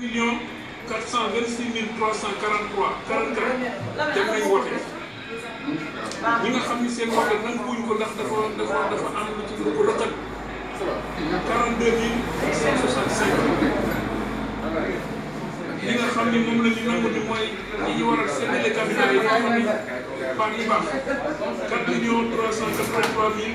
millions quatre cent vingt six mille trois cent quarante trois quarante quatre dem nga xam ne seen woote ñu nangu ni mooy li ñu waral séddale capital yi nga xam ni baax i baax quatre millions trois cent trois mille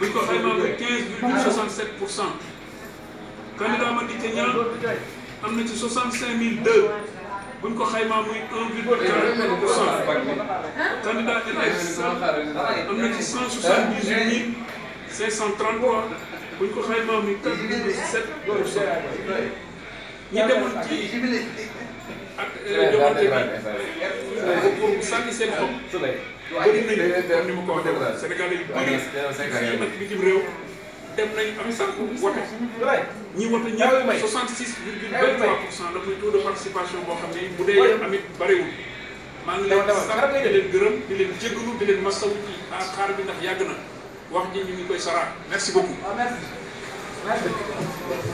bu ko 15,67% candidat Madické Kenya, am ci 65002 bu ñu ko muy candidat de am na ci 178533 bu ñu ko xaymaa muy 4,7% ak Jokalante euh, bi euh, pour sànni seen bopp. bëri nañu comme ni mu ko waxee Sénégal yi bëri fii nag bitim réew dem nañ am sànq wote la muy taux de participation boo xam ne bu dee amit bëriwul. maa ngi leen sant di leen gërëm di leen jégalu di leen masawu ci xaar bi ndax yàgg na wax ji ñu ngi koy saraat merci beaucoup. Ah, merci.